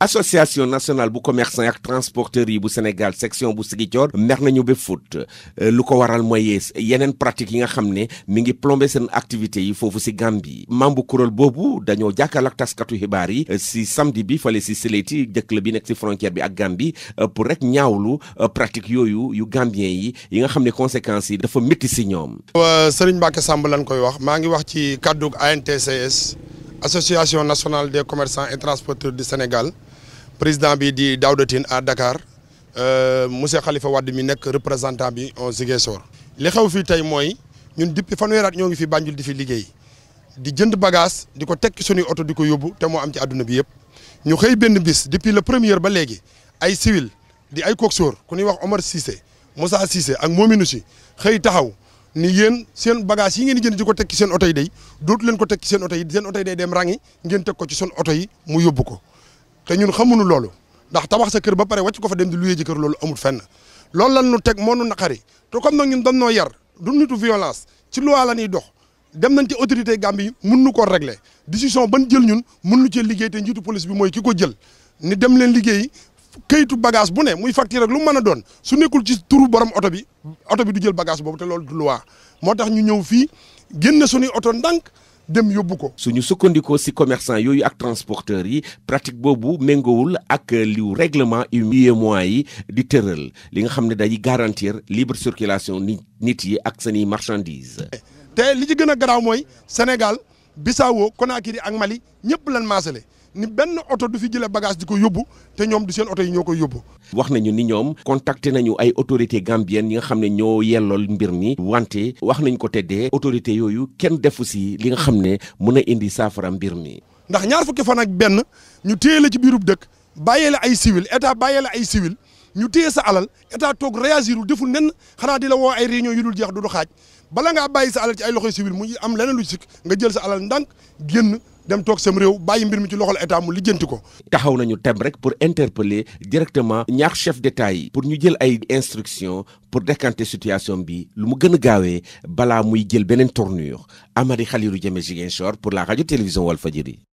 association nationale bu commerçant ak transporteurs yi bu Sénégal section bu Ziguinchor mer nañu ba fóot euh, lu ko waral mooy yeneen pratique yi nga xam ne mi ngi plombé seen activités yi foofu si Gambie membre kuréel boobu dañoo jàkkaarloo ak taskatu xibaar yi si euh, samedi bi fale si Séléti dëkk la bi nekk si frontière bi ak Gambie euh, pour rek ñaawlu pratique yooyu yu Gambien yi yi nga xam ne conséquences yi dafa métti si ñoom. Serigne Mbacke Samb lañ koy wax maa ngi wax ci kaddu ANTCS association nationale des commerçants et transporteurs Sénégal. président bi di Daouda Tine à Dakar euh, monsieur xalifa Wade mi nekk représentant bi en Ziguinchor. li xew fii tey mooy ñun depuis fanweeri at ñoo ngi fi Banjul di fi liggéey di jënd bagage di ko tekki suñuy oto di ko yóbbu te moo am ci àdduna bi yëpp ñu xëy benn bis depuis le premier ba léegi ay civil di ay coxeur ku ñuy wax Omar Cissé Moussa Cissé ak Mominu si xëy taxaw. ni yen seen bagage yi ngeen di jënd di ko teg ci seen oto yi day dootu leen ko teg ci seen oto yi seen oto yi day dem rangi ngeen teg ko ci seen oto yi mu yóbbu ko te ñun xamuñu loolu ndax tabax sa kër ba pare wàcc ko fa dem di luyee ji kër loolu amul fenn loolu lan nu teg moo nu naqari te comme nag ñun dañ noo yar du nitu violence ci loi la ñuy dox dem nañ ci autorité Gambie yi mun nu ko régler décision ban jël ñun mun nu cee liggéey te njiitu police bi mooy ki ko jël ni dem leen liggéey këyitu bagage bu ne muy facture ak lu mën a doon su nekkul ci turu borom oto bi oto bi du jël bagage boobu te loolu du loi moo tax ñu ñëw fii génn suñuy oto ndànk dem yóbbu ko. suñu sukkandikoo si commercant yooyu ak transporteurs yi pratique boobu méngoowul ak liw règlement UEMOA yi di tëral li nga xam ne day garantir libre circulation nit nit yi ak seeni marchandises. te li ci gën a garaaw mooy Sénégal Bissau Conakry ak Mali ñëpp lan maasale. ni benn oto du fi jëlee bagage di ko yóbbu te ñoom du seen oto yi ñoo ko yóbbu. wax nañu ni ñoom contacté nañu ay autorités gambiennes ñi nga xam ne ñoo yellool mbir mi wante wax nañ ko teddee autorités yooyu kenn defu si li nga xam ne mën a indi saafara mbir nii ndax ñaar fukki fan ak benn ñu téye la ci biirub dëkk bàyyee la ay civil état bàyyee la ay civil ñu téye sa alal état toog réagirul deful nenn xanaa di la woo ay réunion yu dul jeex du du xaaj bala ngaa bàyyi sa alal ci ay loxoy civil mu am leneen lu sikk nga jël sa alal ndànk génn. dem toog sam réew bàyyi mbir mi ci loxol état mu lijjanti ko. taxaw nañu tem rek pour interpeller directement ñaax chef d'état yi. pour ñu jël ay instructions pour décanter situation bi lu mu gën a gaawee balaa muy jël beneen tournure Amady Khalilou Diémé Ziguinchor pour la radio télévision Walfadjri.